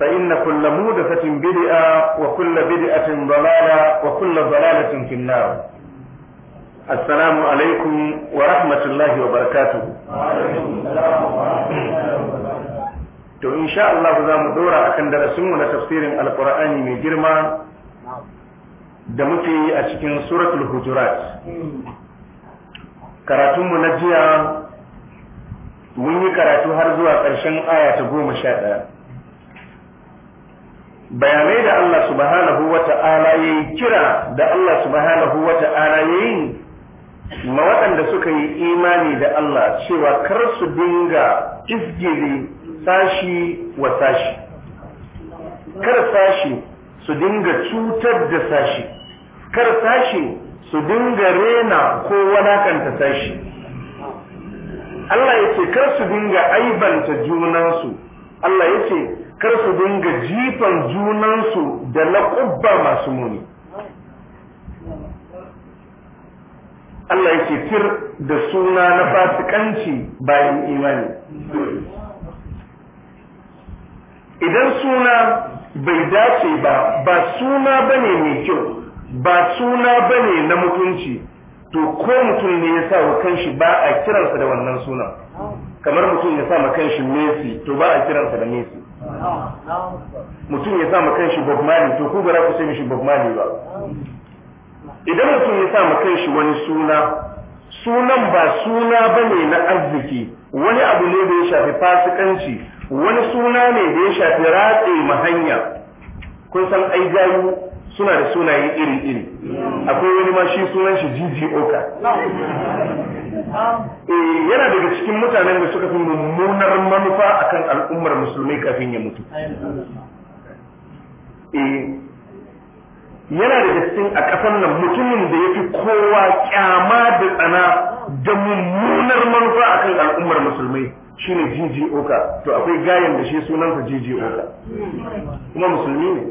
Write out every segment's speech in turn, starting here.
فإن كل مودثة بدعة وكل بدعة ضلالة وكل ضلالة في النار السلام عليكم ورحمة الله وبركاته to insha Allah za mu dora akan darasinmu na tafsirin alkur'ani mai girma da muke yi a cikin suratul hujurat karatunmu na jiya mun yi karatu har zuwa ƙarshen aya ta goma sha ɗaya bayanai da Allah subhanahu wa ta'ala ya yi kira da Allah subhanahu wa ta'ala ya yi ma waɗanda suka yi imani da Allah cewa kar su dinga isgiri sashi wa sashi kar sashi su dinga cutar da sashi kar sashi su dinga rena ko walakanta sashi Allah ya ce kar su dinga aibanta junansu Allah ya ce kar su dinga jifan junansu da laƙubba masu muni Allah yake tir da suna na fasikanci bayan imani idan suna bai dace ba ba suna bane mai kyau ba suna bane na mutunci to ko mutum ne ya sa wa kanshi ba a kiransa da wannan suna kamar mutum ya sa ma kanshi Messi to ba a kiransa da Messi mutum ya sa ma kanshi Bob Marley to ku ba ku sai shi Bob Marley ba idan mutum ya sa ma kanshi wani suna sunan ba suna bane na arziki wani abu ne da ya shafi fasikanci wani suna ne da ya shafi ratse mahanya kun san ai suna da sunaye iri-iri akwai wani ma shi sunan shi jiji oka Eh, yana daga cikin mutanen da suka fi mummunar manufa a kan al'ummar musulmai kafin ya mutu eh, yana daga cikin a kasan nan mutumin da ya fi kowa kyama da tsana da mummunar manufa a kan al'ummar musulmai shine jiji oka to akwai gayan da shi sunansa jiji oka kuma musulmi ne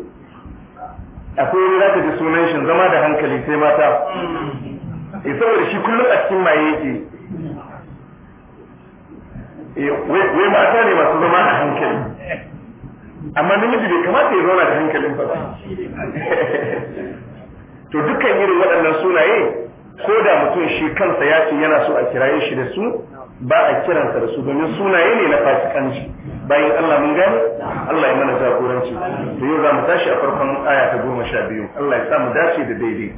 akwai wani zaka ji sunan shi zama da hankali sai mata eh saboda shi kullum a cikin maye yake eh, wai mata ne masu zama a hankali amma namiji bai kamata ya zauna da hankalin ba to dukkan irin waɗannan sunaye ko da mutum shi kansa ya ce yana so a kiraye shi da su ba a kiransa da su domin sunaye ne na fasikanci bayan Allah mun gani, Allah ya mana jagoranci to yau za mu tashi a farkon aya ta goma sha biyu Allah ya sa mu dace da daidai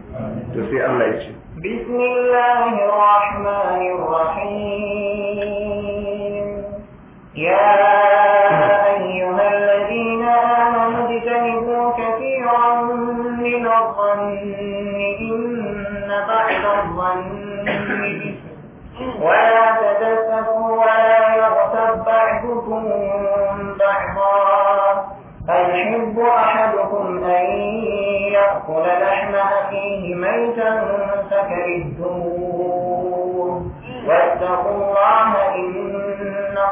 to sai Allah ya ce بسم الله الرحمن الرحيم يا أيها الذين آمنوا اجتنبوا كثيرا من الظن إن بعد الظن ولا تتسفوا ولا يغتب بعضكم بعضا أيحب أحدكم أن يأكل لحم أخيه ميتا فكرهتموه واتقوا الله إن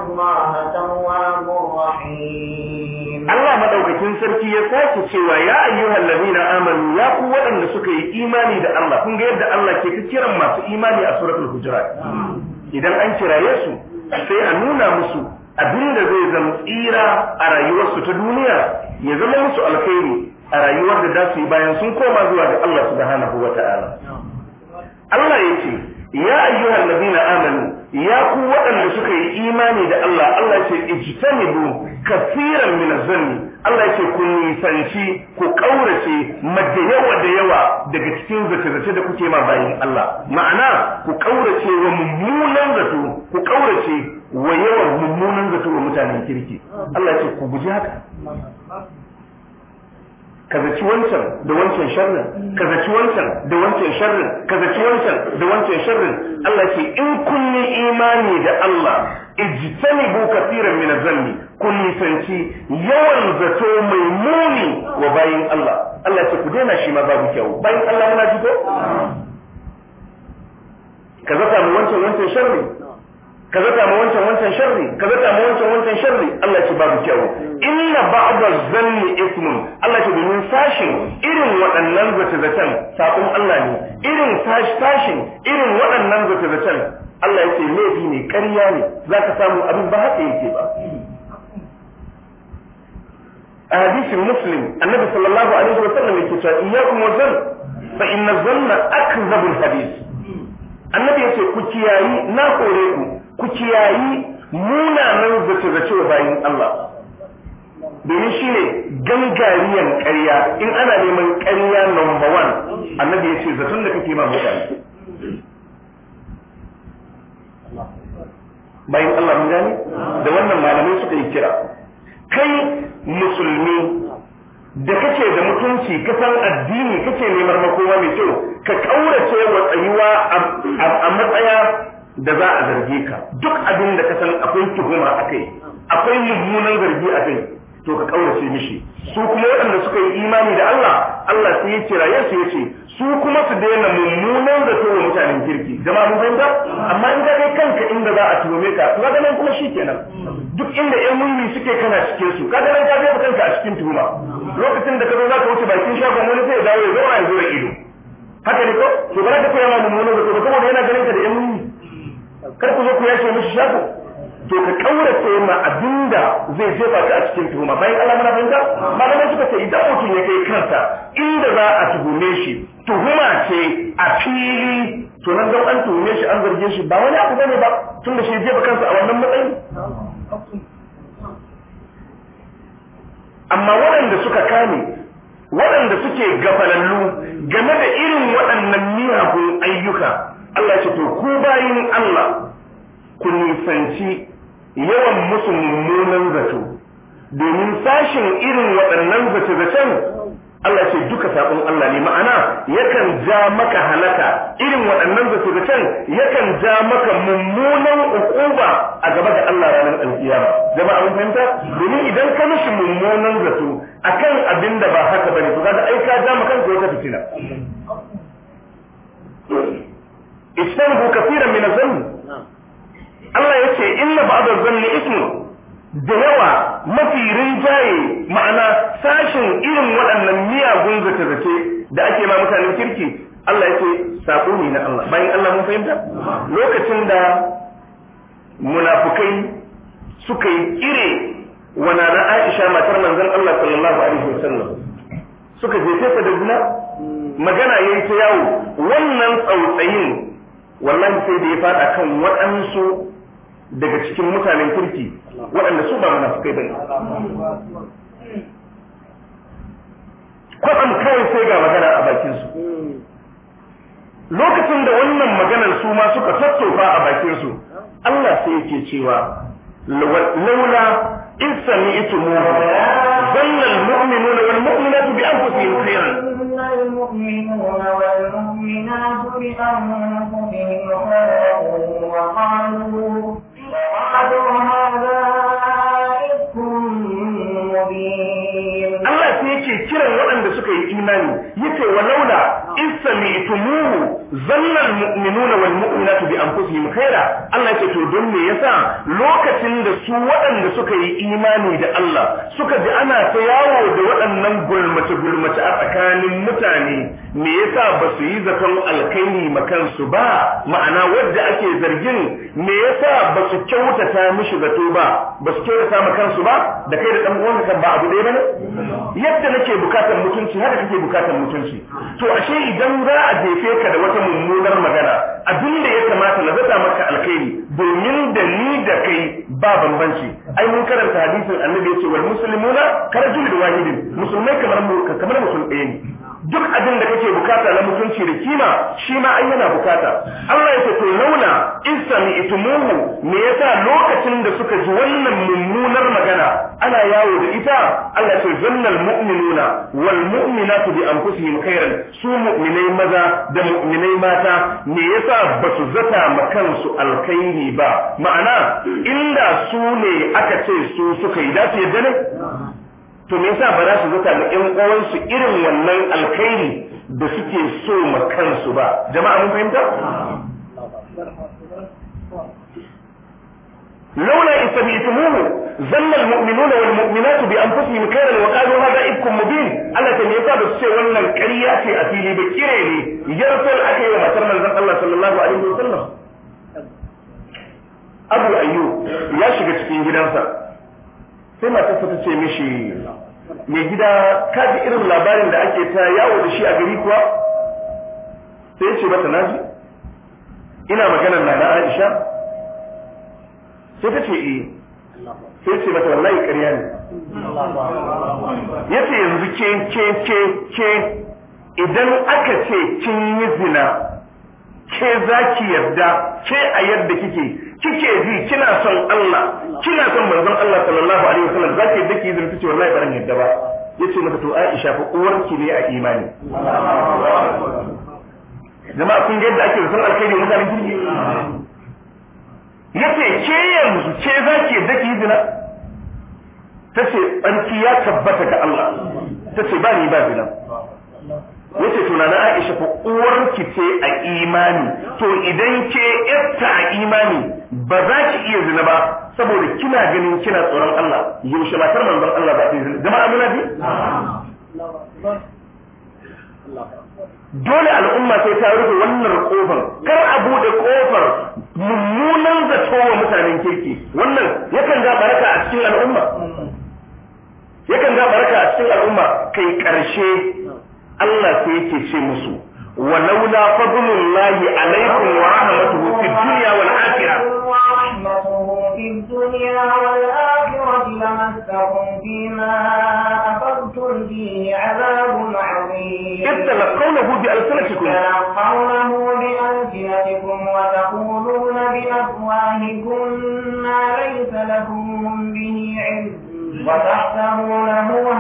الله تواب رحيم Allah maɗaukacin sarki ya sake cewa ya ayyuhal ladina amanu ya ku waɗanda suka yi imani da Allah kun ga yadda Allah ke ta masu imani a suratul hujurat idan an kiraye su sai a nuna musu abin da zai zama tsira a rayuwarsu ta duniya ya zama musu alkhairi a rayuwar da za su yi bayan sun koma zuwa ga Allah subhanahu wa ta'ala Allah ya ce ya ayyuhan na amanu ya ku waɗanda suka yi imani da Allah Allah ya ce ijtanibu kafiran min zanni Allah ya ce ku nisanci ku ƙaurace madda yawa da yawa daga cikin zace-zace da kuke ma bayan Allah ma'ana ku ƙaurace wa mummunan zato ku ƙaurace wa yawan mummunan zato wa mutanen kirki Allah ya ce ku guji haka ka wancan da wancan sharrin ka zaci wancan da wancan sharrin ka zaci wancan da wancan sharrin Allah ce in kunni imani da Allah bu kaseeran min az-zanni kun nisanci yawan zato mai muni wa bayin Allah Allah ce ku daina shi ma babu kyau bayin Allah muna jiko ka zata mu wancan wancan sharri ka zata ma wancan wancan sharri ka zata ma wancan wancan sharri Allah ce babu kyau inna ba'da zanni ismun Allah ce domin sashin irin waɗannan zata zatan sabon Allah ne irin sashin irin waɗannan zata zatan Allah yake laifi ne ƙarya ne zaka samu abin ba haka yake ba a hadisin muslim annabi sallallahu alaihi wasallam yake cewa iyyakum wa zan fa inna zanna akdhabul hadith annabi yace ku kiyayi na kore ku ku kiyayi munanan zace-zace bayan Allah domin shi ne gangariyan ƙarya in ana neman ƙarya number one annabi ya ce zaton da kake ma mutane bayan Allah mun gani da wannan malamai suka yi kira kai musulmi da kake da mutunci ka san addini kake neman makowa mai kyau ka kaurace wa tsayuwa a matsaya da za a zarge ka duk abin da ka san akwai tuhuma a kai akwai mummunan zargi a kai to ka kaurace mishi su kuma waɗanda suka yi imani da Allah Allah sai ya kira ya su yace su kuma su daina mummunan su wa mutanen kirki jama'a mun fahimta amma in ka kai kanka inda za a tuhume ka Kuma ga nan kuma shikenan duk inda ɗan mulmi suke kana cikin su ga nan ka jefa kanka a cikin tuhuma lokacin da ka zo za ka wuce bakin shagon wani sai ya dawo ya a ya zo ido haka ne ko to ba za ka koya ma mummunan zato ba saboda yana ganin ka da ɗan mulmi kar ku zo ku yashe mashi shago to ka kaurace ma abinda zai jefa ka a cikin tuhuma bayan Allah mana fahimta malamai suka ce idan mutum ya kai karta, inda za a tuhume shi tuhuma ce a fili to nan don an tuhume shi an zarge shi ba wani abu bane ba tun da shi jefa kansa a wannan matsayi amma waɗanda suka kame waɗanda suke gafalallu game da irin waɗannan miyagun ayyuka Allah ya ce to ku bayin Allah ku nisanci yawan musu mummunan zato domin sashin irin waɗannan zace-zacen Allah ce duka saƙon Allah ne ma'ana yakan ja maka halaka irin waɗannan zace-zacen yakan ja maka mummunan ukuba a gaba da Allah ranar alkiyama jama'a mun fahimta domin idan ka mishi mummunan zato akan abin da ba haka bane to kaga ai ka ja maka wata fitina kafiran min Allah ya ce inna ba'da zanni ismu da yawa mafi rinjaye ma'ana sashin irin waɗannan miyagun zace zake da ake ma mutanen kirki Allah ya ce sabo ne na Allah bayan Allah mun fahimta lokacin da munafukai suka yi kire wa na Aisha matar manzon Allah sallallahu alaihi wasallam suka je ta da guna magana yayi ta yawo wannan tsautsayin wallahi sai da ya fada kan waɗansu daga cikin mutanen kirki waɗanda su ba kai bane kwatsam kawai sai ga magana a bakin su lokacin da wannan maganar su ma suka tattaufa a bakin su Allah sai yake cewa laula إذ سمعتموها ظن المؤمنون والمؤمنات da wani المؤمنون والمؤمنات بأنفسهم خيرا وقالوا Allah sai yake kiran waɗanda suka yi imani wa launa istami'tumuhu zanna almu'minuna wal mu'minatu bi anfusihim khaira Allah ce to don me yasa lokacin da su waɗanda suka yi imani da Allah suka ji ana ta yawo da waɗannan gulmace gulmace a tsakanin mutane me yasa ba su yi zaton alkaini kansu ba ma'ana wadda ake zargin me yasa ba su kyautata mishi zato ba ba su kyautata makansu ba da kai da dan ba abu ɗaya bane yadda nake bukatan mutunci haka kake bukatar mutunci to ashe idan za a jefe ka da wata mummunar magana abin da ya kamata na zata maka alkhairi domin da ni da kai ba bambanci ai mun karanta hadisin annabi yace wal muslimuna karajul wahidin musulmai kamar mu kamar musulmai ne duk abin da kake bukata na mutunci da kima shi ma ai yana bukata Allah yake to launa istami itumuhu me yasa lokacin da suka ji wannan mummunar magana ana yawo da ita Allah ce zannal mu'minuna wal mu'minatu bi anfusihim khairan su mu'minai maza da mu'minai mata me yasa ba su zata ma kansu alkhairi ba ma'ana inda su ne aka ce su suka yi da su yadda ne to me yasa ba za su zuka ga ƴan uwansu irin wannan alkhairi da suke so ma kansu ba jama'a mun fahimta لولا إن سمعتموه ظن المؤمنون والمؤمنات بأنفسهم خيرا وقالوا هذا إفك مبين ألا تميتا بس ولا الكريا في أتيلي بكيري يرسل أكي وما ترمى الله صلى الله عليه وسلم أبو أيوب يا شبك في جنسة sai matarsa ta ce mishi mai gida ka ji irin labarin da ake ta yawo da shi a gari kuwa sai ce mata naji ina magana na, na Aisha sai ta ce eh sai ce mata wallahi ƙarya ne yace yanzu ke ke ke ke idan aka ce kin yi zina ke za ki yarda ke a yadda kike kike ji kina son Allah kina son manzon Allah sallallahu alaihi wasallam zaki dake izin tace wallahi barin yadda ba yace mata to Aisha fa uwarki ne a imani jama'a kun ga yadda ake son alkhairi mutanen kirki yace ke yanzu ce zaki dake izina tace banki ya tabbata ga Allah tace ba ni ba zina yace to na Aisha fa uwarki ce a imani to idan ke yatta a imani ba za ki iya zina ba saboda kina ganin kina tsoron Allah yaushe matar manzon Allah ba ta yi jama'a muna bi dole al'umma sai ta rufe wannan kofar kar a bude kofar mummunan zato wa mutanen kirki wannan yakan ga baraka a cikin al'umma yakan ga baraka a cikin al'umma kai karshe Allah sai yake ce musu walaula fadlullahi alaikum wa rahmatuhu fid dunya wal akhirah الدنيا والآخرة لمسكم فيما أخذتم فيه عذاب عظيم إذ قوله بألسنتكم تلقونه بألسنتكم وتقولون بأفواهكم ما ليس لكم به علم وتحسبونه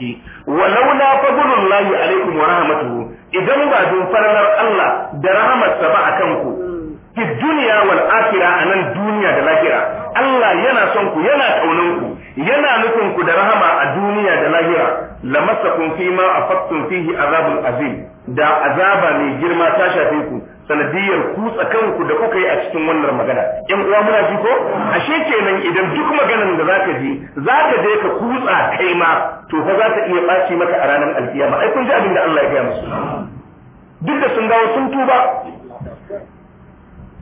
technology lamassakum fi ma afattum fihi azabul azim da azaba mai girma ta shafe ku sanadiyar kutsa ku da kuka yi a cikin wannan magana yan uwa muna ji ko ashe kenan idan duk maganan da zaka ji zaka je ka kutsa kai ma to fa za ta iya ɓaci maka a ranar alkiyama ai kun ji abin da Allah ya gaya musu duk da sun dawo sun tuba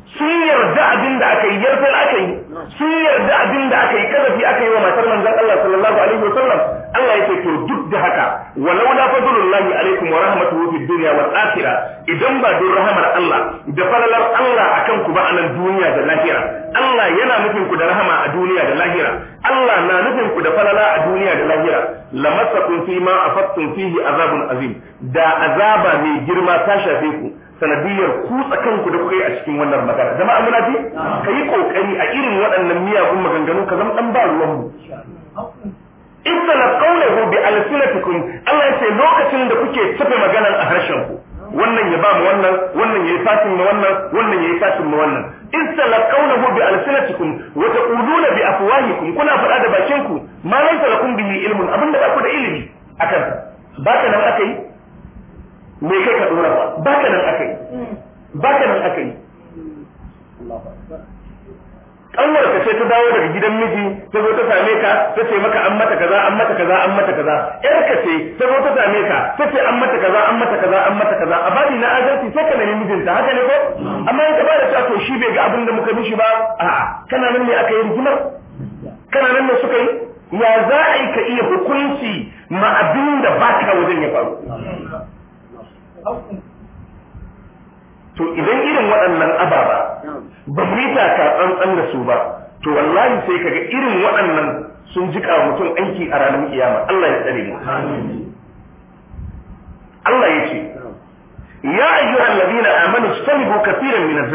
sun yarda abin da aka yi yarda aka yi sun yarda abin da aka yi kazafi aka yi wa matar manzon Allah sallallahu alaihi wasallam Allah yake to duk da haka walau la fadlullahi alaikum wa rahmatuhu fid dunya wal akhirah idan ba don rahmar Allah da falalar Allah akan ku ba a nan duniya da lahira Allah yana nufin ku da rahama a duniya da lahira Allah na nufin ku da falala a duniya da lahira kun fi ma afattum fihi azabun azim da azaba mai girma ta shafe ku sanadiyar kutsa kanku da kuka a cikin wannan magana jama'a muna ji ka kokari a irin waɗannan miyagun maganganu ka zama ɗan ba ruwanmu kaune qawluhu bi alsinatikum Allah ce lokacin da kuke tafe maganar a harshen ku wannan ya ba mu wannan wannan ya yi fatin na wannan wannan ya yi fatin na wannan kaune qawluhu bi wata wa taquluna bi afwahikum kuna faɗa da bakin ku ma laysa lakum bihi ilmun abin da ku da ilimi akan ba ka nan akai me kai ka dora ba ba ka nan akai ba ka nan akai Allahu akbar An ka ce ta dawo daga gidan miji ta zo ta same ka ta ce maka an mata kaza an mata kaza an mata kaza yar ka ce ta zo ta same ka ta ce an mata kaza an mata kaza an mata kaza a bani na adalci sai ka nemi mijinta haka ne ko amma in ka ba da to shi bai ga abin da muka mishi ba a kana nan ne aka yi rigimar kana nan ne suka yi ya za a yi ka iya hukunci ma abin da ba ka wajen ya faru to idan irin waɗannan ababa ba mu yi taka tsantsan da su ba to wallahi sai kaga irin waɗannan sun jika mutum aiki a ranar kiyama Allah ya tsare mu Allah ya ce ya ayyuhal ladina amanu istanibu kaseeran min adh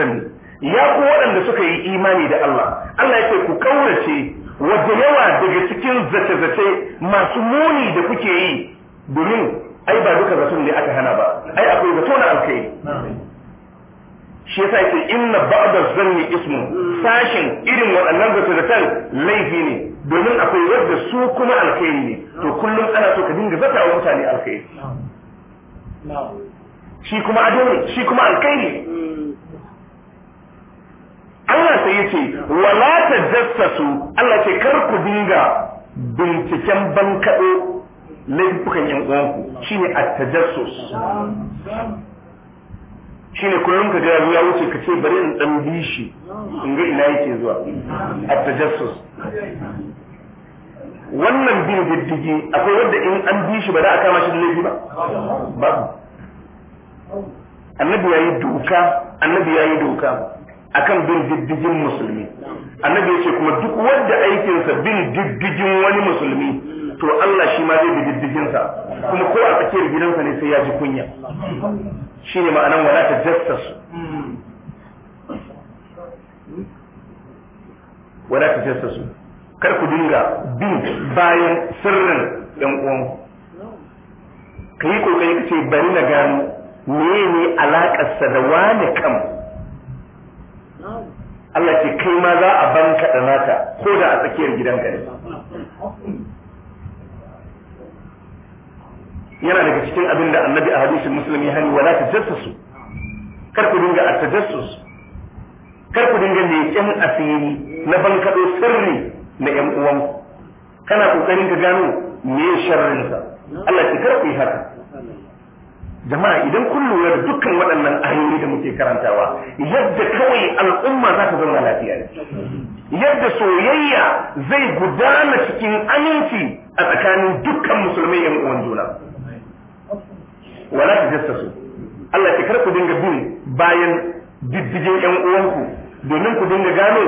ya ku waɗanda suka yi imani da Allah Allah ya ce ku kaurace wajen yawa daga cikin zace-zace masu muni da kuke yi domin ai ba duka zaton ne aka hana ba ai akwai zato na alkai shi yasa yake inna ba'da zanni ismu sashin irin waɗannan tan laifi ne domin akwai wadda su kuma alkhairi ne to kullum ana so ka dinga zata wa mutane alkhairi shi kuma ado ne shi kuma alkhairi Allah sai yace wala tajassasu Allah ce kar ku dinga binciken bankaɗo laifukan yan uwanku shine at-tajassus ne kullum ka ga ya wuce ka ce bari in ɗan bi shi in ga ina yake zuwa at tajassus wannan bin diddigi akwai wanda in an bi shi ba za a kama shi da laifi ba babu annabi yi doka annabi yi doka akan bin diddigin musulmi annabi ya ce kuma duk wanda aikinsa bin diddigin wani musulmi to Allah shi ma zai bi kuma ko a tsakiyar gidansa ne sai ya ji kunya shine ma'anan wala jassas wala jassas kar ku dinga bin bayan sirrin ɗan uwan ka yi kokari ka ce bari na gano mene sa da wani kam Allah ce kai ma za a banka da naka ko da a tsakiyar gidanka ne yana daga cikin abin da annabi a hadisin musulmi hani wala tajassasu kar ku dinga a tajassus kar ku dinga leƙen asiri na bankaɗo sirri na ƴan uwanku kana ƙoƙarin ka gano me sharrinsa Allah ki kar ku yi haka jama'a idan kun lura da dukkan waɗannan ayoyi da muke karantawa yadda kawai al'umma za ta zauna lafiya ne yadda soyayya zai gudana cikin aminci a tsakanin dukkan musulmai yan uwan juna wala su? Allah ya kar ku dinga bin bayan diddigin yan uwanku domin ku dinga gano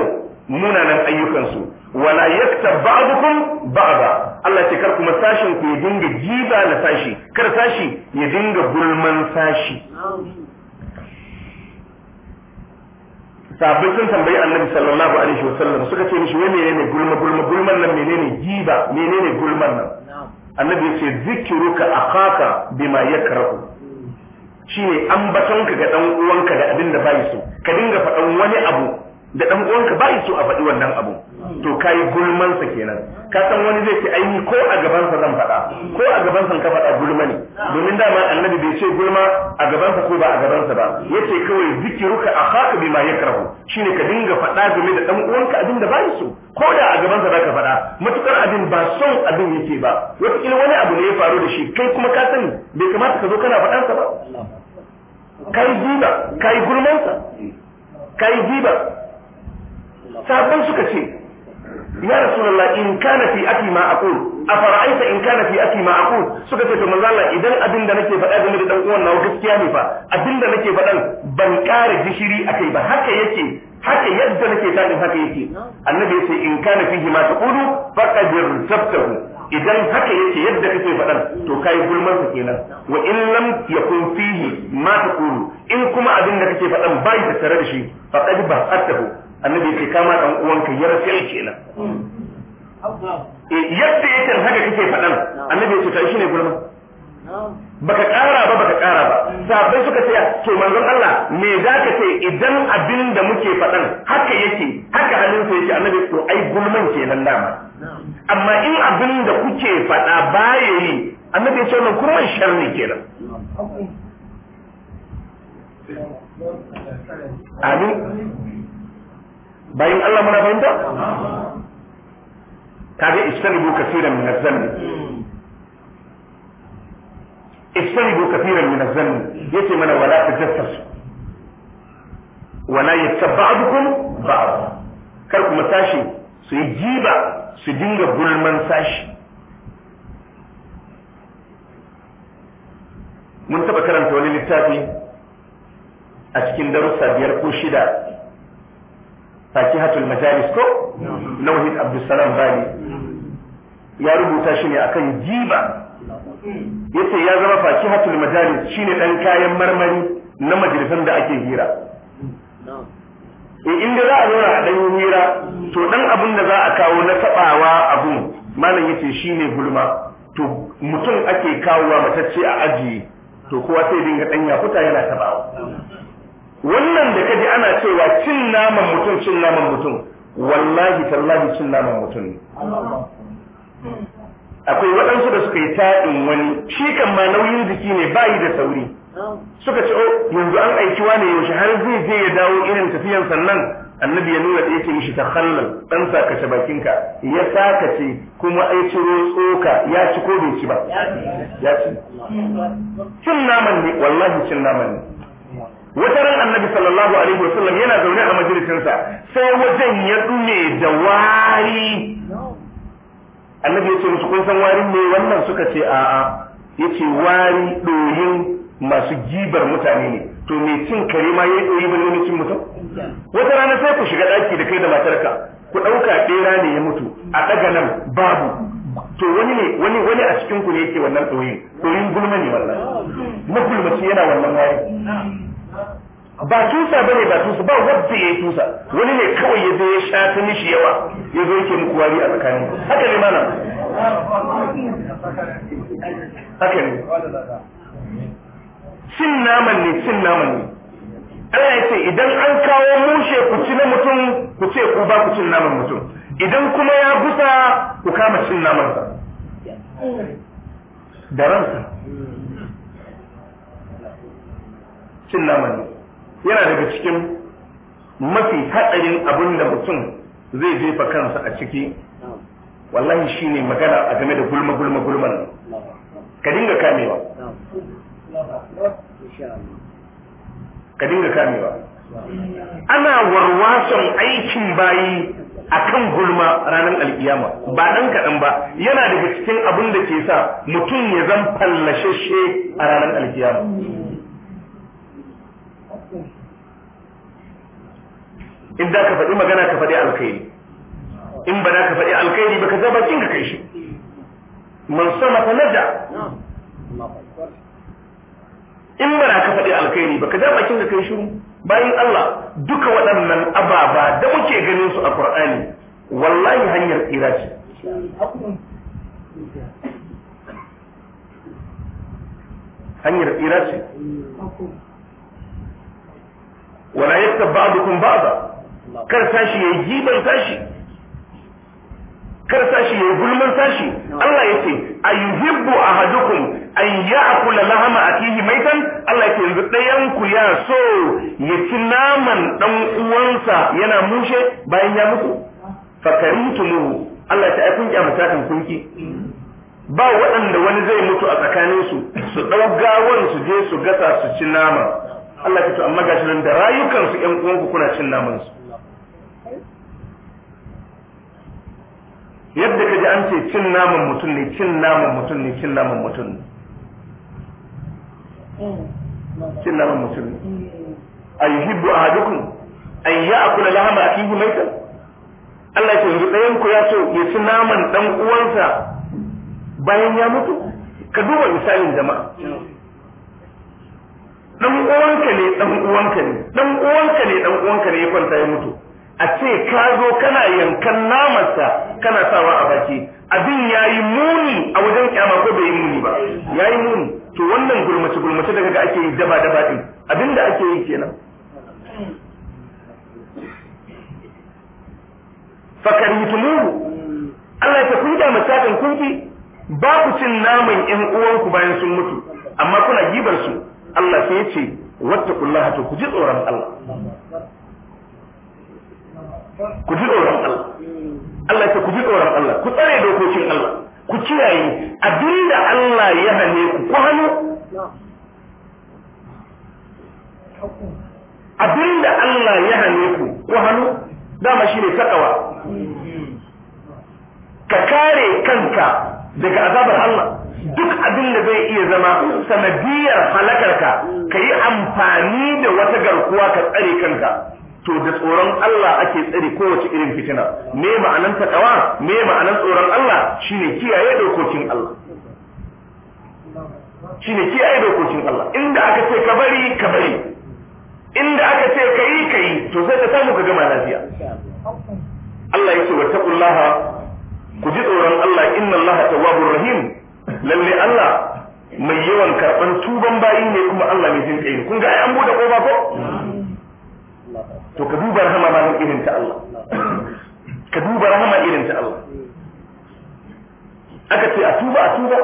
munanan ayyukansu wala yakta ba'dukum ba'da Allah ce kar kuma ku ya dinga jiba na sashi kar sashi ya dinga gulman sashi sabbin sun tambayi annabi sallallahu alaihi wasallam suka ce mishi wai menene gulma gulma gulman nan menene jiba menene gulman nan annabi ce zikiruka akaka bima yakrahu shine ambaton ka ga dan uwanka da abin da bai so ka dinga faɗan wani abu da dan uwanka ba so a faɗi wannan abu to kai gulman sa kenan ka san wani zai ce ai ko a gaban sa zan faɗa ko a gaban sa ka faɗa gulma ne domin dama annabi bai ce gulma a gaban sa ko ba a gaban sa ba yace kawai zikiruka akhaka bima yakrahu shine ka dinga faɗa game da dan uwanka abin da bai so ko da a gaban sa zaka faɗa matukar abin ba son abin yake ba wata wani abu ne ya faru da shi kai kuma ka sani bai kamata ka zo kana sa ba kai jiba kai sa kai jiba sabon suka ce ya rasulullah in kana fi aki ma aqul fara'aita in kana fi aki ma aqul suka ce to manzo Allah idan abin da nake faɗa game da dan uwan nawa gaskiya ne fa abin da nake faɗan ban kare gishiri akai ba haka yake haka yadda nake tadin haka yake annabi yace in kana fi ma taqulu faqad irtabtahu idan haka yake yadda kake faɗan to kai gulman sa kenan wa in lam yakun fihi ma taqulu in kuma abin da kake faɗan bai da tare da shi faqad ba'atahu annabi ya ce kama dan uwanka ya rafi kenan eh, yadda ya can haka kake faɗan annabi ya ce tashi ne gulma baka ƙara ba baka ƙara ba sabai suka ce to manzon Allah me za ka ce idan abin da muke faɗan haka yake haka hannunsa yake annabi to ai gulman kenan dama amma in abin da kuke faɗa ya yi annabi ya ce wannan kurman sharri kenan amin bayan Allah muna fahimta kaga istanibu kafiran min az-zanni istanibu kafiran min az-zanni yace mana wala ta tajassasu wala yattaba'ukum ba'd kar kuma tashi su yi jiba su dinga gulman sashi mun taba karanta wani littafi a cikin darussa biyar ko shida fakihatul majalis ko lauhin abdussalam bali ya rubuta shi ne akan jiba hmm. yace ya zama fakihatul majalis shine dan kayan marmari na majalisan da ake hira eh, in inda za a zo a dan hira to dan abun da za a kawo na tabawa abun malam yace shine gulma to mutum ake kawowa matacce a ajiye to kowa sai dinga danya kuta yana tabawa wannan da kaji ana cewa cin naman mutum cin naman mutum wallahi tallahi cin naman mutum ne akwai waɗansu da suka yi ta'in wani shi kan ma nauyin jiki ne bayi da sauri suka ce o oh, yanzu an aiki wane yaushe har zai je ya dawo irin tafiyan sannan annabi ya nuna ɗaya yake mishi hannun Ɗan sakace bakinka ya sakace kuma ai ciro tsoka ya ci ko bai ci ba ya ci cin naman ne wallahi cin naman ne wata ran annabi sallallahu alaihi wasallam yana zaune a majalisinsa sai wajen ya dume da wari annabi ya ce musu kun san wari ne wannan suka ce a'a ya ce wari doyin masu gibar mutane ne to mai cin kare ma ya doyi ba ne cin mutum wata rana sai ku shiga daki da kai da matarka ku ɗauka ɗera ne ya mutu a ɗaga nan babu to wani ne wani wani a cikin ku ne yake wannan doyin doyin gulma ne wallahi mafulmaci yana wannan wari ba tusa ba ne ba tusa ba wadda ya yi tusa wani ne kawai ya zai ya sha ta nishi yawa ya zo yake muku wari a tsakanin haka ne mana haka ne cin naman ne cin naman ne Allah ya ce idan an kawo mushe ku ci na mutum ku ce ku ba ku cin naman mutum idan kuma ya gusa ku kama cin naman sa da ransa cin naman ne yana daga cikin mafi haɗarin abin da mutum zai jefa kansa a ciki wallahi shi ne magana a game da gulma gulma gulman ka dinga kamewa ka dinga kamewa ana warwason aikin bayi akan gulma ranar alkiyama ba ɗan kaɗan ba yana daga cikin abin da ke sa mutum ya zan fallashe a ranar alkiyama in za ka faɗi magana ka faɗi alkhairi in ba za ka faɗi alkhairi ba ka zaba kin ka kai shi man sama ta naja in ba za ka faɗi alkhairi ba ka zaba kin ka kai shiru bayan Allah duka waɗannan ababa da muke ganin su a Qur'ani wallahi hanyar tsira ce hanyar tsira ce wala yaktab ba'dukum ba'da kar sashi ya yi giban sashi kar sashi ya yi gulman sashi Allah ya ce a ahadukum an ya'kula lahama akihi maitan Allah ya ce yanzu ɗayan ku ya so ya ci naman dan uwansa yana mushe bayan ya mutu fakarintumuhu Allah ya ce ai kun kyamata kunki ba waɗanda wani zai mutu a tsakaninsu su ɗau gawan su je su gasa su ci nama Allah ya ce amma gashi nan da rayukansu yan uwanku kuna cin naman su yadda kaji an ce cin naman mutum ne cin naman mutum ne cin naman mutum ne cin naman mutum ne a yi hibu a hajjukun an yi akula lahama a mai kan Allah ce yanzu ɗayan ku ya so ya ci naman ɗan uwansa bayan ya mutu ka duba misalin jama'a Ɗan uwanka ne ɗan uwanka ne ɗan uwanka ne ɗan uwanka ne ya kwanta ya mutu a ce ka zo kana yankan namarsa kana sawa a baki abin ya yi muni a wajen kyama ko bai yi muni ba ya yi muni to wannan gulmace gulmace daga ga ake yi daba daba din abin da ake yi kenan yi tunuru. Allah ya kun da masakan kunki ba ku cin naman ƴan uwanku bayan sun mutu amma kuna gibar su Allah sai ya ce wattaqullaha to ku ji tsoron Allah ku ji tsoron Allah Allah ce ku ji tsoron Allah ku tsare dokokin Allah ku kiyaye abinda Allah ya hane ku ku hannu abinda Allah ya hane ku ku hannu dama shine takawa ka kare kanka daga azabar Allah duk abin da zai iya zama sanadiyar halakarka ka yi amfani da wata garkuwa ka tsare kanka to da tsoron Allah ake tsare kowace irin fitina me ma'anan takawa me ma'anan tsoron Allah shine kiyaye dokokin Allah shine kiyaye dokokin Allah inda aka ce ka bari ka bari inda aka ce ka yi ka yi to sai ka samu ka gama lafiya Allah yake wa taqullaha ku ji tsoron Allah inna Allah tawwabur rahim lalle Allah mai yawan karban tuban bayi ne kuma Allah mai jin kai kun ga ai an bude kofa ko to ka duba rahama ma irin ta Allah ka duba rahama irin ta Allah aka ce a tuba a tuba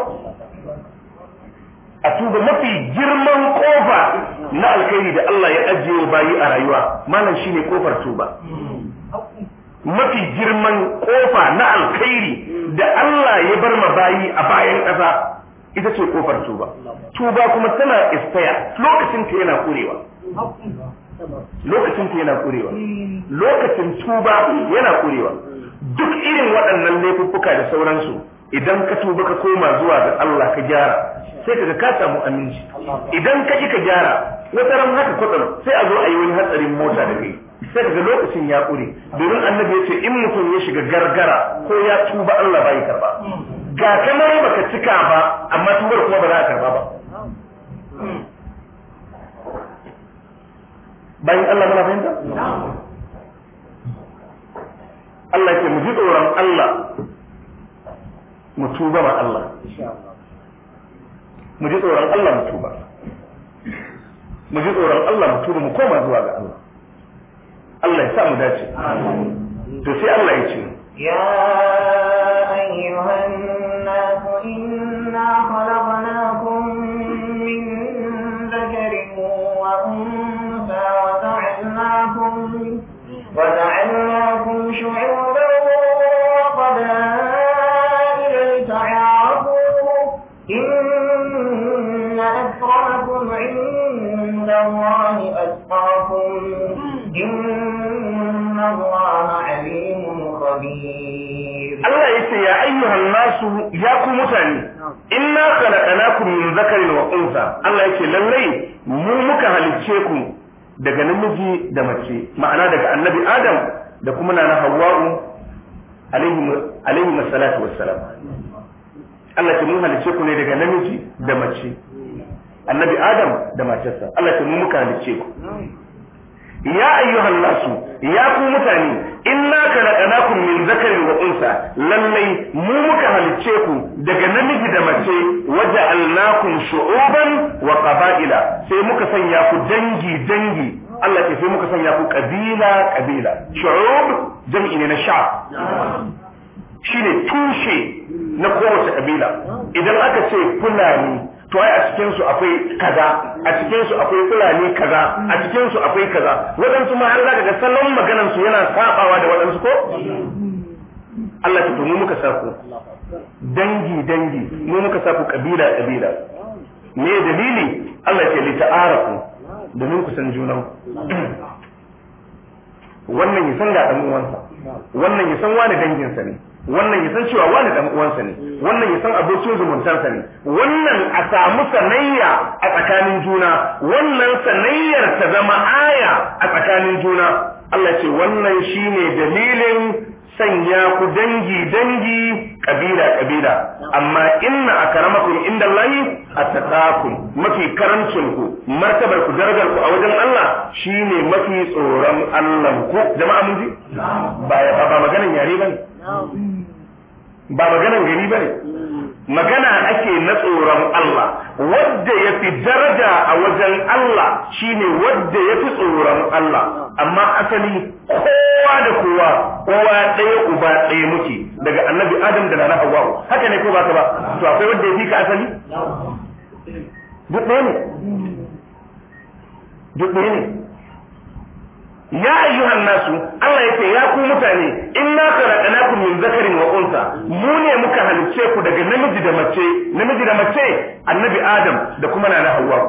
a tuba mafi girman kofa na alkhairi da Allah ya ajiye wa bayi a rayuwa malam shine kofar tuba mafi girman kofa na alkhairi da Allah ya bar ma bayi a bayan ƙasa ita ce kofar tuba tuba kuma tana istaya lokacin ta yana kurewa lokacin ku yana kurewa lokacin tuba yana kurewa duk irin waɗannan laifuffuka da sauransu idan ka tuba ka koma zuwa ga Allah ka gyara sai kaga ka samu aminci idan ka ki ka gyara wata ran haka kwatsam sai a zo a yi wani hatsarin mota da kai sai kaga lokacin ya kure domin annabi ya ce in mutum ya shiga gargara ko ya tuba Allah bai karba ga kamar baka cika ba amma tubar kuma ba za a karba ba bayan Allah muna fahimta Allah ke mu ji tsoron Allah mu tuba ma Allah mu ji tsoron Allah mu tuba mu ji tsoron Allah mu ba mu koma zuwa ga Allah Allah ya sa mu dace to sai Allah ya ce ya ayyuhan nas inna khalaqnakum min وجعلناكم شعوبا وقبائل لتعارفوا إن أكرمكم عند الله أتقاكم إن الله عليم خبير الله يقول يا أيها الناس يا كمتني inna khalaqnakum min dhakarin wa unsa Allah yake lallai mu muka halicce ku daga namiji da mace ma'ana daga annabi adam da kuma nana hawa'u alaihi masalatu wassalam Allah ta mun halice ku ne daga namiji da mace annabi adam da matarsa Allah ta mun muka halice ku ya ayyuhan nasu ya ku mutane inna khalaqnakum min zakarin wa unsa lallai mu muka halicce ku daga namiji da mace waja'alnakum shu'uban wa qaba'ila sai muka sanya ku dangi dangi Allah ke sai muka sanya ku kabila kabila shu'ub jam'i ne na sha'ab shine tushe na kowace kabila idan aka ce fulani to ai a cikin su akwai kaza a cikin su akwai fulani kaza a cikin su akwai kaza waɗansu ma an zaka ga salon maganar su yana sabawa da waɗansu ko Allah ta mu muka saku dangi dangi mu muka saku kabila kabila me dalili Allah ce li ta'arafu domin ku san juna wannan ya san ga dan uwansa wannan ya san wani danginsa ne wannan ya san cewa wani dan uwansa ne wannan ya san abokin zumuntarsa ne wannan a samu sanayya a tsakanin juna wannan sanayyar ta zama aya a tsakanin juna Allah ce wannan shine dalilin sanya ku dangi dangi kabila kabila amma inna akramakum indallahi attaqakum mafi karancin ku martabar ku darajar ku a wajen Allah shine mafi tsoron Allah ku jama'a mun ji ba ba maganan yare bane ba maganan gari ba ne magana ake na tsoron Allah wadda ya fi daraja a wajen Allah shine wadda ya fi tsoron Allah amma asali kowa da kowa kowa ɗaya uba ɗaya muke daga annabi adam da nana hawa haka ne ko ba ka ba to akwai wadda ya fi ka asali duk ɗaya ne duk ɗaya ne ya ayyuhan nasu Allah yace ya ku mutane inna khalaqnakum min zakarin wa unsa mu ne muka halicce ku daga namiji da mace namiji da mace annabi adam da kuma nana hawwa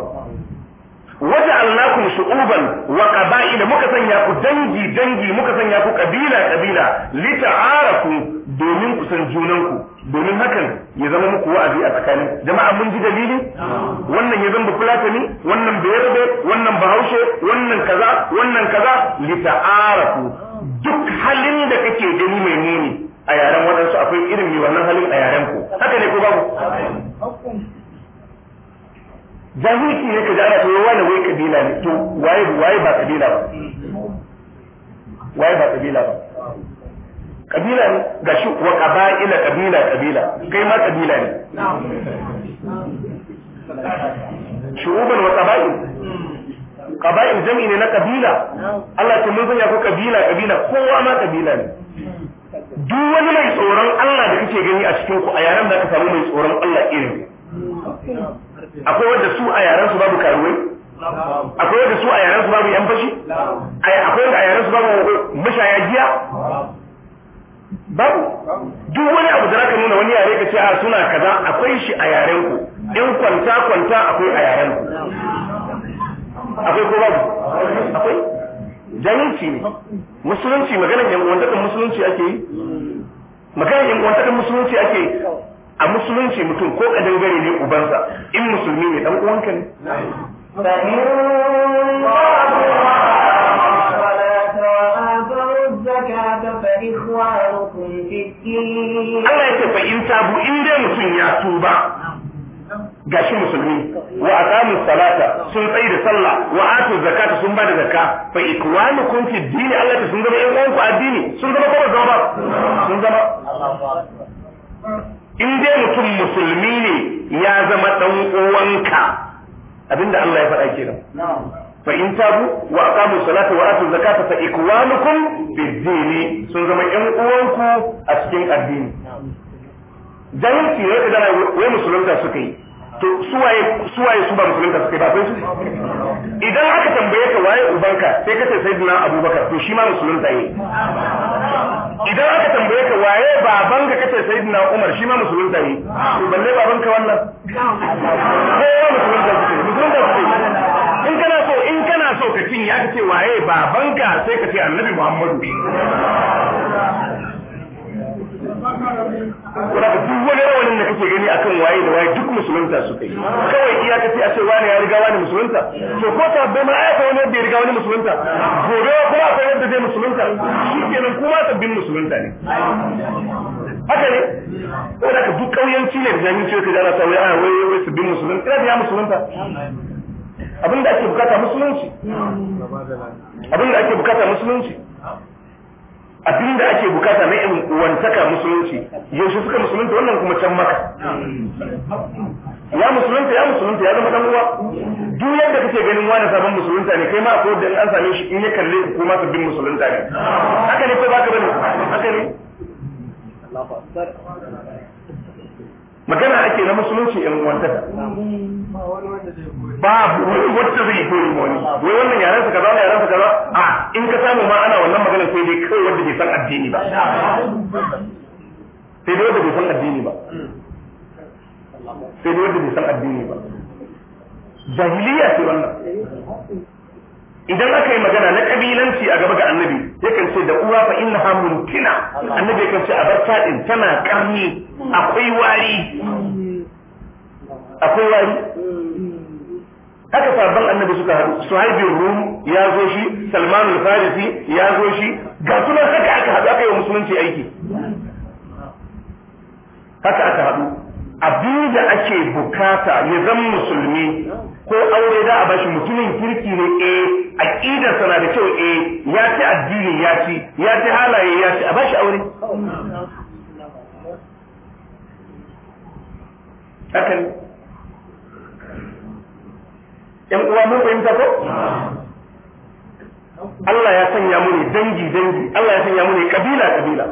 waja'alnakum shu'uban wa qaba'ila muka sanya ku dangi dangi muka sanya ku kabila kabila lita'arafu domin ku san junanku domin hakan ya zama muku wa'azi a tsakanin jama'a mun ji dalili wannan ya zama fulatani wannan bayarbe wannan bahaushe wannan kaza wannan kaza lita'arafu duk halin da kake gani mai muni a yaren waɗansu akwai irin mai wannan halin a yaren ku haka ne ko babu jahilci ne ka ji ana wani wai kabila ne to waye waye ba kabila ba waye ba kabila ba kabila ne ga shi wa qaba'ila kabila kabila kai ma kabila ne shu'uban wa qaba'il qaba'il jami'i ne na kabila Allah ce mun sanya ko kabila kabila kowa ma kabila ne duk wani mai tsoron Allah da kake gani a cikin ku a yaran da ka samu mai tsoron Allah irin akwai wanda su a yaran su babu karuwai akwai wanda su a yaran su babu yan fashi akwai wanda a yaran su babu mashaya giya babu duk wani abu da zaka nuna wani yare ka ce a suna kaza akwai shi a yaren ku in kwanta kwanta akwai a yaren ku akwai ko babu akwai jahilci ne musulunci maganar yan uwantakan musulunci ake yi maganar yan uwantakan musulunci ake yi a musulunci mutum ko kadan gare ne ubansa in musulmi ne dan uwanka ne Allah yake fa in tabu in dai mutum ya tuba Ga shi musulmi wa samun salata sun tsaye da sallah wa atu zakata sun ba da zakka fa kun fi dini Allah ta sun zama yan uwanku addini sun zama ko zama sun zama in dai mutum musulmi ne ya zama ɗan uwanka abinda Allah ya faɗa ke nan. fa in tabu wa aqamu salata wa atu zakata fa ikwanukum bid-din sun zama ƴan uwanku a cikin addini jahilci ne idan wai musulunta suka yi to su waye su ba musulunta suka yi ba akwai su idan aka tambaye ka waye ubanka sai ka ce sayyidina abubakar to shi ma musulunta yi idan aka tambaye ka waye babanka kace sayyidina umar shi ma musulunta yi to balle babanka wannan kowa musulunta suke musulunta suke masaukacin ya ce waye babanka sai ka ce annabi muhammadu Kuna duk wani rawanin da kake gani akan waye da waye duk musulunta suka yi. Kawai iya kace a ce wani ya riga wani musulunta. To ko ta bai ma aika wani yadda ya riga wani musulunta. Gobe kuma akwai yadda zai musulunta. Shi nan kuma sabbin musulunta ne. Haka ne? Ko da ka duk kauyanci ne da jami'in ce ka jana sa ah, wai wai bin musulunta. Ina da ya musulunta. abinda ake bukata musulunci abinda ake bukata musulunci abinda ake bukata na in wantaka musulunci yaushe suka musulunta wannan kuma can maka ya musulunta ya musulunta ya zama dan uwa duk yadda kake ganin wani sabon musulunta ne kai ma akwai da an same shi in ya kalle ko ma sabbin musulunta ne haka ne ko baka bane haka ne magana ake na musulunci wanta wanda babu wani wacce zai koyi wani wai wannan yaran su kaza wannan yaran su kaza a in ka samu ma ana wannan magana sai dai kai wanda bai san addini ba sai dai wanda bai san addini ba sai dai wanda bai san addini ba jahiliya ce wannan idan aka yi magana na kabilanci a gaba ga annabi yakan ce da uwa fa innaha muntina annabi yakan ce a bar tana karni akwai wari akwai wari haka sabon annabi suka haɗu suhaibin rum ya zo shi salman al-farisi ya zo shi ga sunan haka aka haɗu aka yi musulunci aiki haka aka haɗu abin da ake bukata ya zan musulmi ko aure da a bashi mutumin kirki ne A eh, aqidar sana da kyau eh ya ci addini ya ci ya ci halaye ya ci a bashi aure ‘yan uwa mun fahimta ko? Allah ya sanya mu ne dangi dangi Allah ya sanya mu ne kabila kabila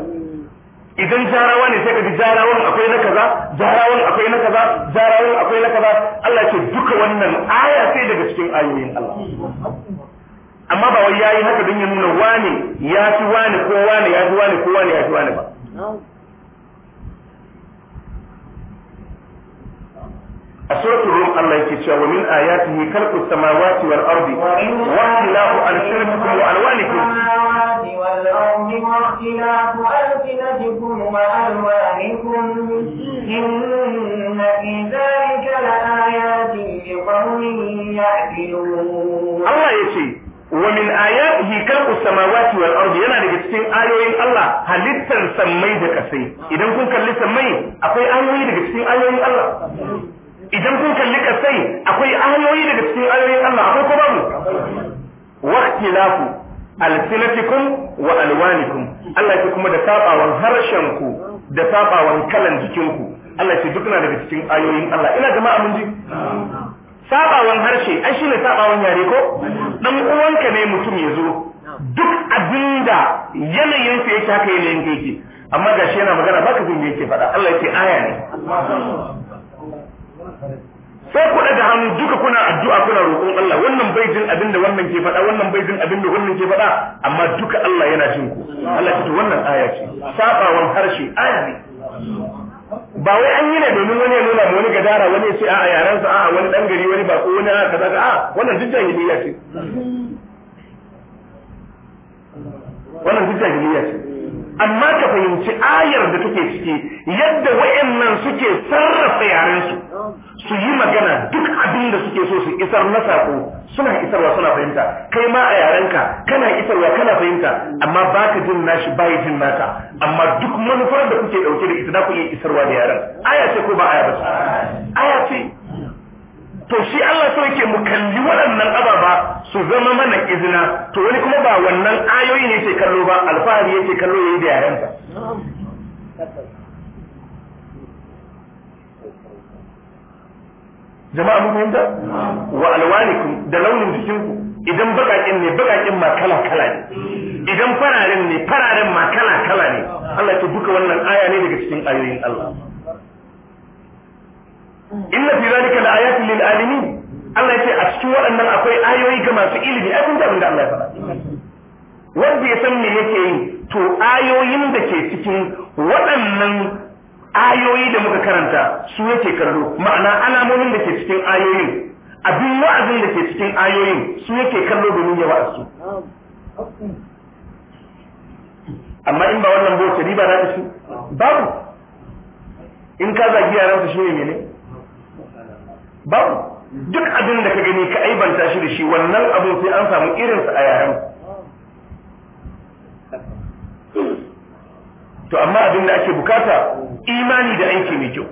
idan jarawa ne sai ka ji jarawan akwai na kaza jarawan akwai na kaza jarawan akwai na kaza Allah ce duka wannan aya sai daga cikin ayoyin Allah amma ba wai yayi haka don ya nuna wane ya fi wane ko wane ya fi wane ko wane ya fi wane ba a suratul rum Allah yake cewa wa min ayatihi khalqu samawati wal ardi wa ikhtilafu alsinatikum wa alwanikum Allah ya ce, Wa min ayatihi karku samawati wal ardi yana daga cikin ayoyin Allah halittar sammai da kasai. Idan kun kalli sammai, akwai ayoyi daga cikin ayoyin Allah. idan kun kalli kasai akwai ayoyi daga cikin ayoyin Allah akwai ko babu lafu alsinatikum wa alwanikum Allah ya kuma da sabawan harshen ku da sabawan kalan jikin ku Allah ya duk na daga cikin ayoyin Allah ina jama'a mun ji sabawan harshe ai shine sabawan yare ko dan uwanka ne mutum ya zo duk abinda yanayin sa yake haka yake amma gashi yana magana baka jin me yake faɗa Allah ya aya ne sai ku daga hannu duka kuna addu'a kuna roƙon Allah wannan bai jin abin da wannan ke faɗa wannan bai jin abin da wannan ke faɗa amma duka Allah yana jin ku Allah ce wannan aya ce sabawan harshe aya ne ba wai an yi ne domin wani ya nuna wani gadara wani ya ce a'a sa a'a wani dan gari wani ba ko wani a'a kaza a wannan duk jahiliya ce wannan duk jahiliya ce amma ka fahimci ayar da take ciki yadda wayannan suke sarrafa yarensu su yi magana duk abin da suke so su isar na sako suna isarwa suna fahimta kai ma a yarenka kana isarwa kana fahimta amma baka jin nashi bai jin naka amma duk manufar da kuke ɗauke da ita da ku iya isarwa da yaren aya ce ko ba aya ba aya ce to shi Allah so yake mu kalli waɗannan ababa su zama mana izina to wani kuma ba wannan ayoyi ne yake kallo ba alfahari yake kallo yayi da yarenta. jama'a mun fahimta wa alwalikum da launin jikinku idan bakakin ne bakakin ma kala kala ne idan fararen ne fararen ma kala kala ne Allah ya duka wannan aya ne daga cikin ayoyin Allah inna fi zalika laayatin lil alamin Allah ya ce a cikin waɗannan akwai ayoyi ga masu ilimi ai kun ji abin da Allah ya faɗa wanda ya san me yake yi to ayoyin da ke cikin waɗannan ayoyi da muka karanta su yake kallo ma'ana alamomin da ke cikin ayoyin abin wa'azin da ke cikin ayoyin su yake kallo domin ya wa'azu amma in ba wannan bauta riba na da su babu in ka zagi yaransu shi ne ne babu duk abin da ka gani ka aibanta shi da shi wannan abin sai an samu irinsa a yaren to amma abin da ake bukata imani da aiki mai kyau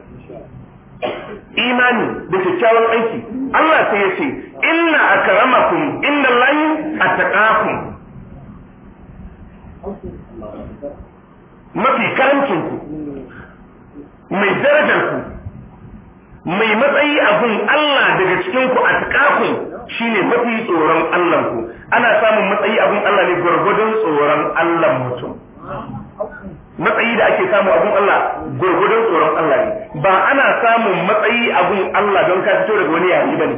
imani da kyakkyawan aiki Allah sai ya ce inna akramakum inna layi a mafi mafi karancinku mai darajarku mai matsayi abun Allah daga cikin ku a takakun shine mafi tsoron Allah ku ana samun matsayi abun Allah ne gurgudun tsoron Allah mutum matsayi da ake samu abun Allah gurgudun tsoron Allah ne ba ana samun matsayi abun Allah don ka fito daga wani yayi bane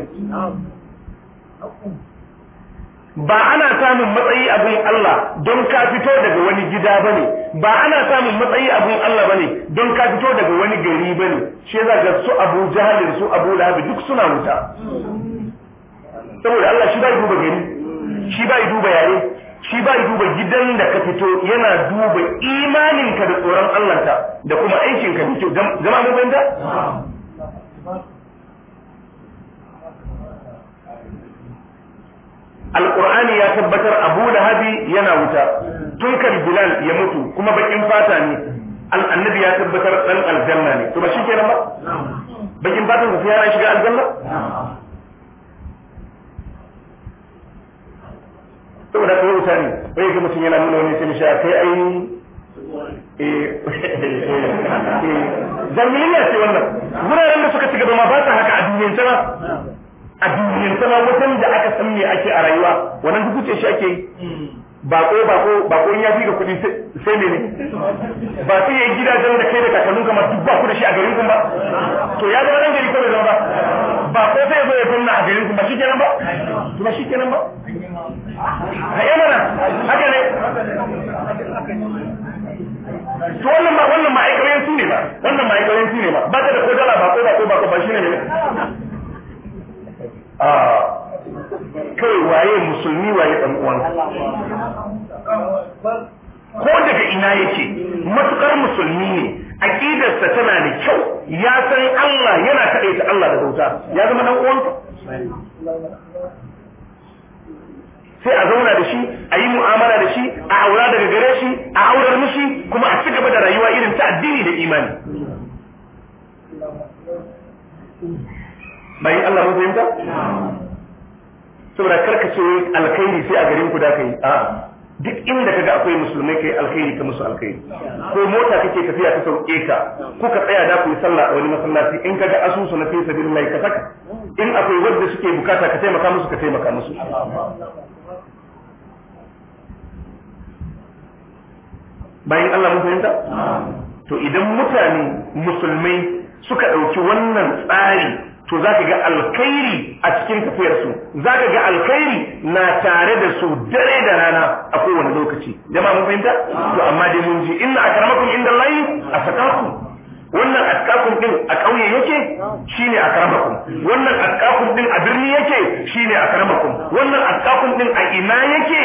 ba ana samun matsayi abin Allah don ka fito daga wani gida ba ne, ba ana samun matsayi abin Allah ba ne don ka fito daga wani gari ba ne, shi za ga su Abu jahalin su Abu labi duk suna wuta saboda Allah shi ba yi duba gari shi ba yi duba yare shi ba yi duba gidan da ka fito yana duba imaninka da tsoron Allah ta, da kuma aikinka da kyau jama'a mun fahimta alqur'ani ya tabbatar abu da habi yana wuta tun kan bilal ya mutu kuma bakin fata ne annabi ya tabbatar dan aljanna ne to ba shi kenan ba bakin fatan sai ya shiga aljanna da kai wuta ne bai ga mutun yana nuna ne sai sha kai ai jami'in ne sai wannan wuraren da suka ci ma ba ta haka a duniyar ba a duniyar sama wutan da aka san me ake a rayuwa wannan duk wuce shi ake ba bako bako bako in ya fi ga kuɗi sai ne ba sai ya yi gidajen da kai da kakannin kamar duk ba ku da shi a garin kun ba to ya zama nan gari ko bai zama ba ba ko sai zo ya kunna a garin kun ba shi kenan ba to ba shi kenan ba a yana haka ne to wannan waye musulmi waye dan uwan ko daga ina yake matukar musulmi ne aqidarsa tana da kyau ya san Allah yana kadaita Allah da bauta ya zama dan sai a zauna da shi a yi mu'amala da shi a aura daga gare shi a aurar mishi kuma a ci gaba da rayuwa irin ta addini da imani bai Allah mun fahimta saboda karka ce alkhairi sai a garin ku da kai a'a duk inda kaga akwai musulmai kai alkhairi ka musu alkhairi ko mota kake tafiya ta sauke ka ko ka tsaya da ku yi sallah a wani masallaci in kaga asusu na fi sabilillah ka saka in akwai wanda suke bukata ka taimaka musu ka taimaka musu bayan Allah mun fahimta to idan mutane musulmai suka ɗauki wannan tsari to za ka ga alkhairi a cikin tafiyarsu za ka ga alkhairi na tare da su dare da rana a kowane lokaci jama'a mun fahimta to amma dai mun ji inna akramakum inda layi a sakaku wannan atkakun din a ƙauye yake shine akramakum wannan atkakun din a birni yake shine akramakum wannan atkakun din a ina yake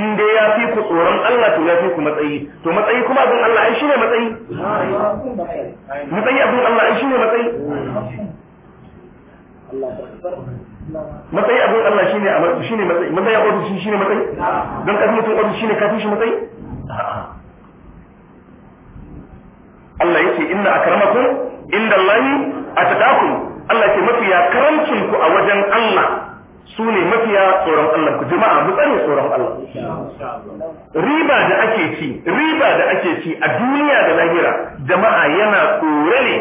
inda ya fi ku tsoron Allah to ya fi ku matsayi to matsayi kuma abin Allah ai shine matsayi matsayi abin Allah ai shine matsayi matsayi abin Allah shi a shine matsayi matsayi a shi ne matsayi don kafin mutum shi ne kafin shi matsayi Allah yake inna akramakum inda a taɗaku Allah ke mafiya karamcin ku a wajen Allah su ne mafiya tsoron Allah ku jama'a mu tsare tsoron Allah riba da ake ci riba da ake ci a duniya da lahira jama'a yana tsore ne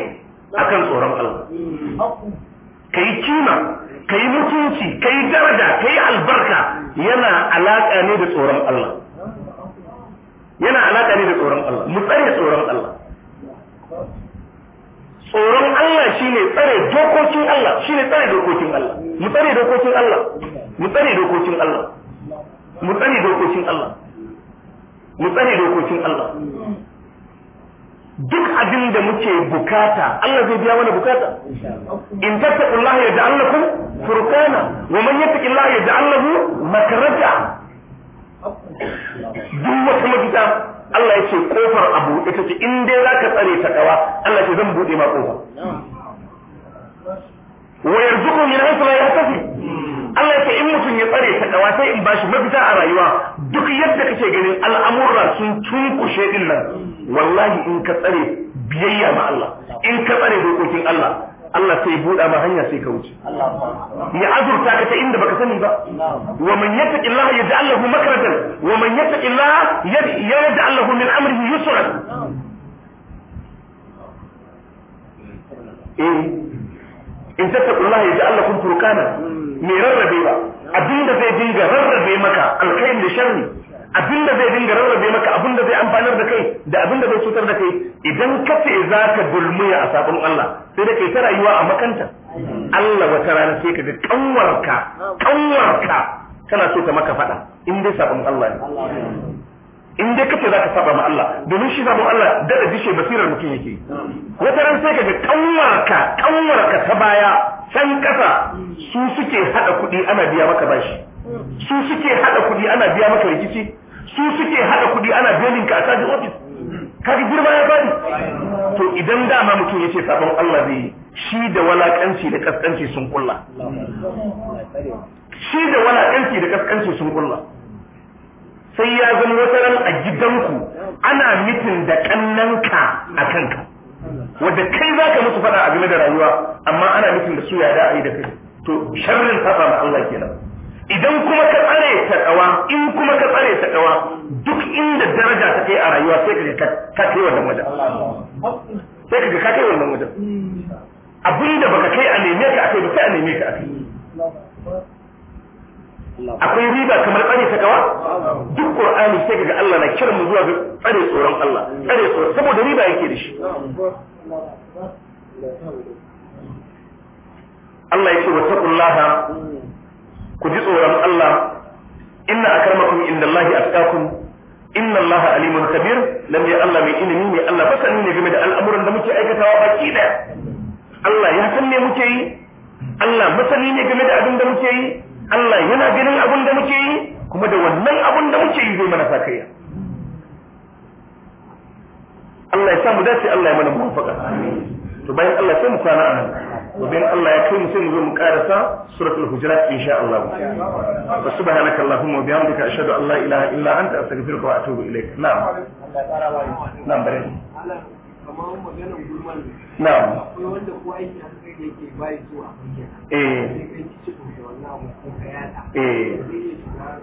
akan tsoron Allah ka yi kima ka yi mutunci ka yi daraja ka yi albarka yana alaƙa ne da tsoron Allah yana alaƙa ne da tsoron Allah mu tsare tsoron Allah tsoron Allah shine tsare dokokin Allah shine tsare dokokin Allah mu tsare dokokin Allah mu tsare dokokin Allah mu tsare dokokin Allah mu tsare dokokin Allah duk abin da muke bukata Allah zai biya mana bukata in Allah ya yaj'al lakum furqana wa man Allah ya yaj'al lahu makraja duk wata mafita Allah yake kofar abu ita ce in dai zaka tsare ta kawa Allah ce zan bude ma kofa wa yarzuqu min haythu la Allah ya ce in mutun ya tsare ta kawa sai in bashi mafita a rayuwa duk yadda kake ganin al'amuran sun tunkushe din nan wallahi in ka tsare biyayya ma Allah in ka tsare dokokin Allah Allah sai buɗa ma hanya sai ka wuce ya azurta ka ta inda baka sani ba wa man yattaqillaha yaj'al lahu makratan wa man yattaqillaha yaj'al lahu min amrihi yusra eh in tattaqullaha yaj'al lakum furqana me rarrabe ba abinda zai dinga rarrabe maka alkhairin da sharri Abin da zai dinga rarrabe maka abin da zai amfanar da kai da abin da zai cutar da kai idan ka ce za ka gulmuya a sabon Allah sai da kai ta rayuwa a makanta Allah wata rana sai ka ga kanwarka kanwarka kana so ta maka fada in dai sabon Allah ne in dai kace zaka saba ma Allah domin shi sabon Allah da da dishe basirar mutum yake wata rana sai kaga kanwarka kanwarka ta baya san kasa su suke hada kuɗi ana biya maka bashi su suke hada kuɗi ana biya maka rikici su suke hada kuɗi ana belin ka a caji ofis kaji girma ya fadi to idan dama mutum ya ce sabon Allah zai shi da walakanci da kaskanci sun kulla shi da walakanci da kaskanci sun kulla sai ya zama wasaran a gidanku ana mitin da kannanka a kanka wadda kai za ka musu faɗa a da rayuwa amma ana mitin da su ya da a yi da kai to sharrin saba ma Allah kenan idan kuma ka tsare ta tsawa in kuma ka tsare ta tsawa duk inda daraja ta kai a rayuwa sai ka ka kai wannan wajen sai ka ka kai wannan wajen abinda baka kai a neme ka akai ba sai a neme ka akai akwai riba kamar tsare ta kawa duk qur'ani sai ga Allah na kiran zuwa ga tsare tsoron Allah tsare tsoron saboda riba yake da shi Allah ya ce wa taqullaha ku ji tsoron Allah inna akramakum indallahi atqakum inna Allah alimun lam ya Allah mai ilimi ne Allah fasani ne game da al'amuran da muke aikatawa baki daya Allah ya san me muke yi Allah masani ne game da abin da muke yi Allah yana ganin abin da muke yi kuma da wannan abin da muke yi zai mana sakayya Allah ya samu dace Allah ya mana muwaffaqa amin to bayan Allah sai mu kwana a nan gobe Allah ya kai mu sai mu zo mu karasa suratul hujurat insha Allah wa subhanaka allahumma wa bihamdika ashhadu an la ilaha illa anta astaghfiruka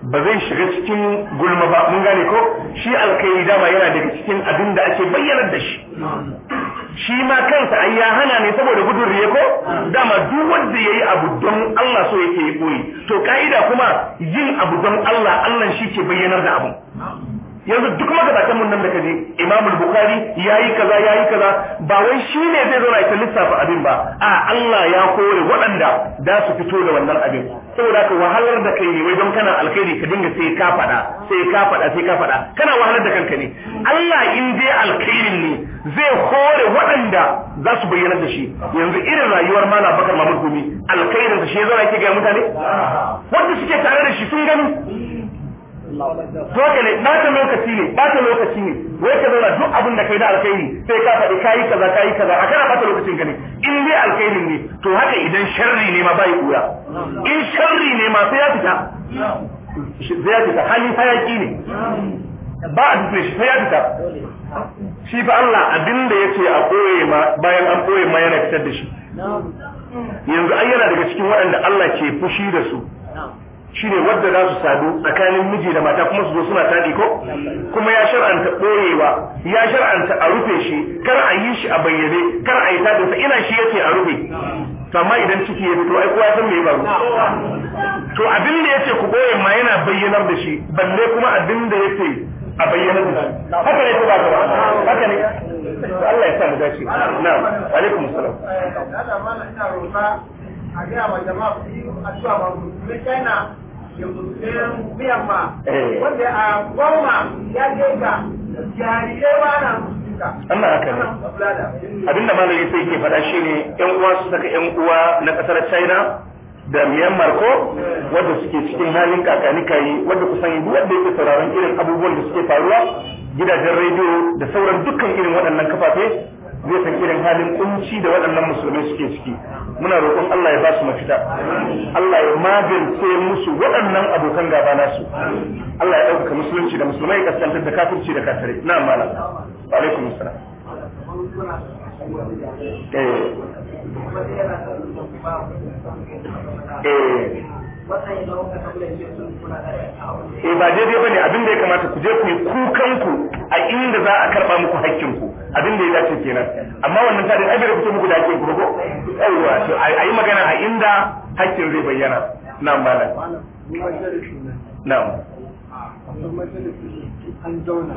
ba zai shiga cikin gulma ba mun gane ko shi alkai dama yana daga cikin abin da ake bayyana da shi shi ma kansa ai ya hana ne saboda gudun riya ko dama duk wanda yayi abu don Allah so yake yi koyi to kaida kuma yin abu don Allah Allah shi ke bayyanar da abu yanzu duk magabatan mun nan da kaje Imam Bukhari yayi kaza yayi kaza ba wai shine zai zo ya lissafa abin ba a Allah ya kore waɗanda da su fito da wannan abin saboda ka wahalar da kai ne wai don kana alkhairi ka dinga sai ka fada sai ka fada sai ka fada kana wahalar da kanka ne Allah in je alkhairin ne zai kore waɗanda za su bayyana da shi yanzu irin rayuwar mala Bakar mamurkumi Gumi alkhairin shi zai yake ga mutane wanda suke tare da shi sun gani dole ne bata lokaci ne bata lokaci ne wai ka zauna duk abin da kai na alkhairi sai ka faɗi kayi kaza kayi kaza a kana ɓata lokacin ka ne in dai alkhairi ne to haka idan sharri ne ma ba yi kura in sharri ne ma sai ya fita sai ya fita hali hayaki ne ba a duk shi sai ya fita shi fa Allah abin da ce a ɓoye ma bayan an koye ma yana fitar da shi yanzu ai yana daga cikin waɗanda Allah ke fushi da su shine wadda za su sadu tsakanin miji da mata kuma su zo suna tadi ko kuma ya shar'anta ɓorewa ya shar'anta a rufe shi kar a yi shi a bayyane kar a yi tadin sa ina shi yake a rufe to amma idan ciki ya fito ai kowa san me ya faru to abin da yace ku boye ma yana bayyanar da shi balle kuma abin da yace a bayyanar da shi haka ne ko ba ka haka ne Allah ya sa mu dace na'am wa alaikum assalam Allah mallan ina roƙa a ga ma jama'a ku addu'a ba ku China biyan wanda ah, a goma ya abinda malami sai ke faɗa shine yan uwa su saka yan uwa na ƙasar China da Myanmar ko wadda suke cikin halin kakani kayi wanda kusan yi wanda yake sauraron irin abubuwan da suke faruwa gidajen rediyo da sauran dukkan irin waɗannan kafafe zai san irin halin kunci da waɗannan musulmai suke ciki muna roƙon Allah ya ba su mafita Allah ya magance musu waɗannan abokan gaba nasu Allah ya ɗauka musulunci da musulmai kasance da kafirci da kafirai na mala wa alaikum salam eh eh eh ba daidai bane abin da ya kamata ku je ku yi kukan ku a inda za a karba muku hakkin ku abin da ya dace kenan amma wannan tarin ai bai fito muku da hakkin ku ko aiwa to ai magana a inda hakkin zai bayyana na'am malam na'am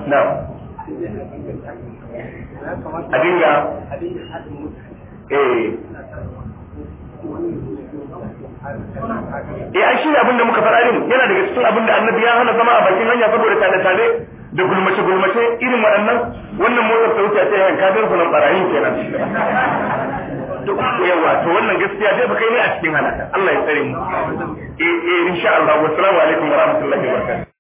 na'am a dinga eh e ai shi abinda muka fara yin yana daga cikin abinda annabi ya hana zama a bakin hanya saboda tare tare da gulmace gulmace irin waɗannan wannan motar ta wuce a ce yan kafin sunan barayin kenan to yawa to wannan gaskiya dai baka ne a cikin halaka Allah ya tsare mu eh eh insha Allah wa alaikum wa rahmatullahi wa barakatuh